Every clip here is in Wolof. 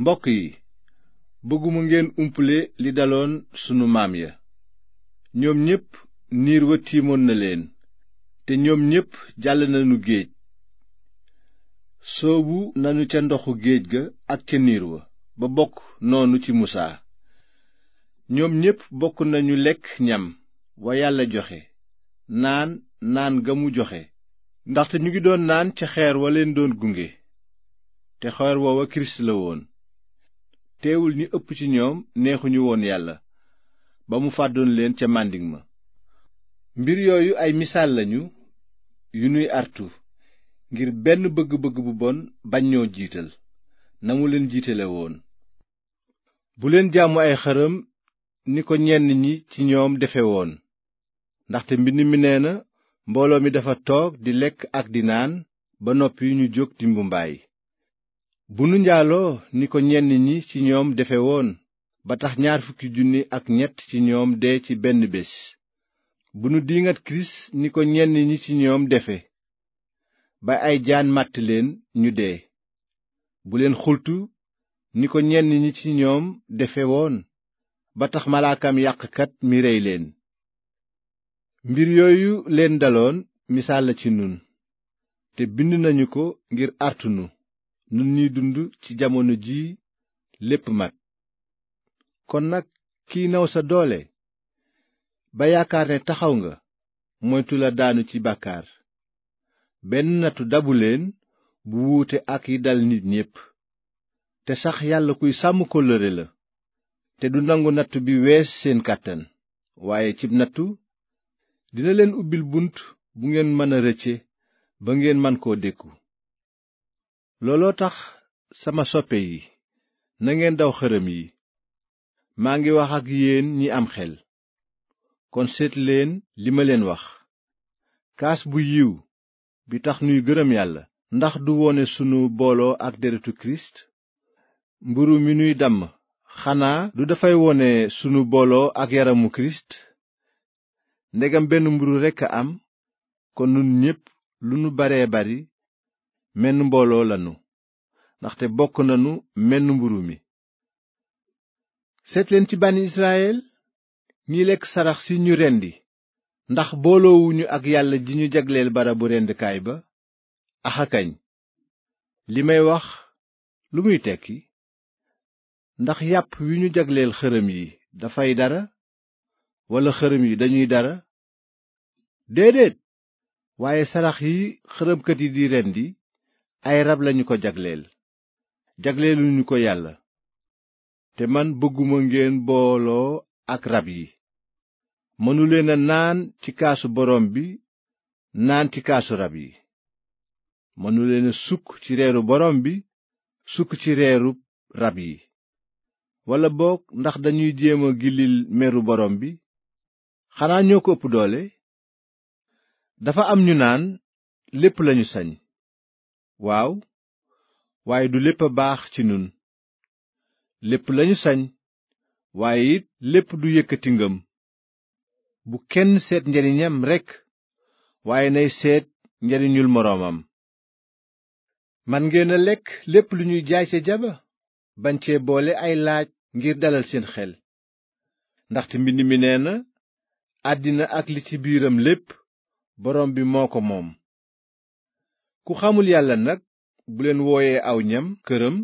mbokk yi bëgguma ngeen umpale li daloon sunu maam ya ñoom ñépp niir wa tiimoon na leen te ñoom ñépp jàll nañu géej soowu nañu ca ndoxu géej ga ak ca niir wa ba bokk noonu ci musaa ñoom ñépp bokk nañu lekk ñam wa yàlla joxe naan naan ga mu joxe ndaxte ñu ngi doon naan ca xeer wa leen doon gunge te xeer woowa kirist la woon teewul ñi ëpp ci ñoom neexuñu woon yàlla ba mu fàddoon leen ca màndiŋ ma mbir yooyu ay misaal lañu yu ñuy artu ngir benn bëgg-bëgg bu bon bañ ñoo jiital na mu leen jiitale woon bu leen jaamu ay xërëm ni ko ñenn ñi ci ñoom defe woon ndaxte mbind mi nee na mbooloo mi dafa toog di lekk ak di naan ba noppi ñu jóg di mbumbaay bu nu njaaloo ni ko ñenn ñi ci ñoom defe woon ba tax ñaar fukki junni ak ñett ci ñoom dee ci benn bés bu nu diiŋat kirist ni ko ñenn ñi ci ñoom defe ba ay jaan màtt leen ñu dee bu leen xultu ni ko ñenn ñi ci ñoom defe woon ba tax malaakam yàqkat mi rey leen mbir yooyu leen daloon misaal la ci nun te bind nañu ko ngir artunu nun ñiy dund ci jamono ji lépp mat kon nag kiy naw sa doole ba yaakaar ne taxaw nga moytu la daanu ci bàkkaar benn nattu dabu leen bu wuute ak yi dal nit ñépp te sax yàlla kuy sàmm kóllëre la te du nangu nattu bi wees seen kàttan waaye cib nattu dina leen ubbil bunt bu ngeen mën a rëcce ba ngeen man koo dékku looloo tax sama soppe yi nangeen daw xërëm yi maa ngi wax ak yéen ñi am xel kon seet leen li ma leen wax kaas bu yiw bi tax nuy gërëm yàlla ndax du wone sunu booloo ak deretu kirist mburu mi nuy damm xanaa du dafay wone sunu booloo ak yaramu kirist ndegam benn mburu rekk a am kon nun ñépp lu nu baree bari menn mbooloo ndaxte bokk nanu menn mburu mi seetleen ci bànni Israyil ñiy lekk sarax si ñu rendi ndax booloowuñu ak yàlla ji ñu jagleel barabu rendkaay ba axakañ li may wax lu muy tekki ndax yàpp wi ñu jagleel xërëm yi dafay dara walla xërëm yi dañuy dara déedéet waaye sarax yi xërëmkat yi di rendi ay rab lañu ko jagleel jagleeluñu ko yàlla te man bëgguma ngeen booloo ak rab yi mënuleena naan ci kaasu borom bi naan ci kaasu rab yi mënuleena sukk ci reeru borom bi sukk ci reeru rab yi walla boog ndax dañuy jéem a gillil meru borom bi xanaa ñoo ko ëpp doole dafa am ñu naan lépp lañu sañ waaw waaye du lépp a baax ci nun lépp lañu sañ waaye it lépp du yëkkati ngëm bu kenn seet njariñam rekk waaye nay seet njariñul moroomam man ngeen a lekk lépp lu ñuy jaay ca jaba bañ cee boole ay laaj ngir dalal seen xel ndaxte mbind mi nee na àddina ak li ci biiram lépp borom bi moo ko moom ku xamul yàlla nag buleen wooyee aw ñam këram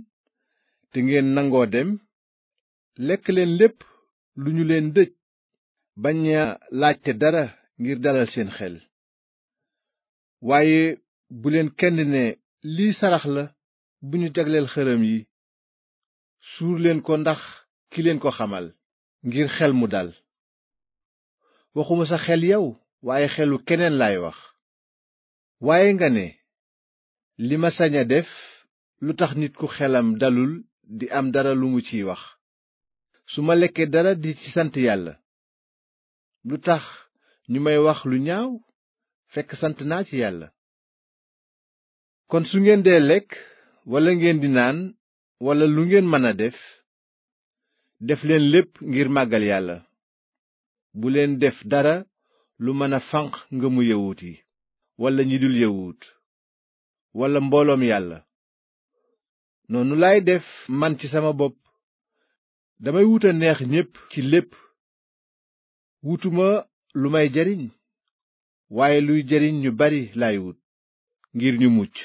te ngeen nangoo dem lekk leen lépp lu ñu leen dëj bañ a laajte dara ngir dalal seen xel waaye buleen kenn ne lii sarax la bu ñu jagleel xërëm yi suur leen ko ndax ki leen ko xamal ngir xel mu dal waxuma sa xel yow waaye xelu keneen lay wax waaye nga ne li ma sañ def lu tax nit ku xelam dalul di am dara lu mu ciy wax su ma lekkee dara di ci sant yàlla lu tax ñu may wax lu ñaaw fekk sant naa ci yàlla kon su ngeen dee lekk walla ngeen di naan walla lu ngeen mën a def def leen lépp ngir màggal yàlla bu leen def dara lu mën a fànq ngëmu yawut yi walla ñi dul yawut walla mbooloom yàlla noonu laay def man ci sama bopp damay wut a neex ñépp ci lépp wutuma lu may jariñ waaye luy jariñ ñu bari laay wut ngir ñu mucc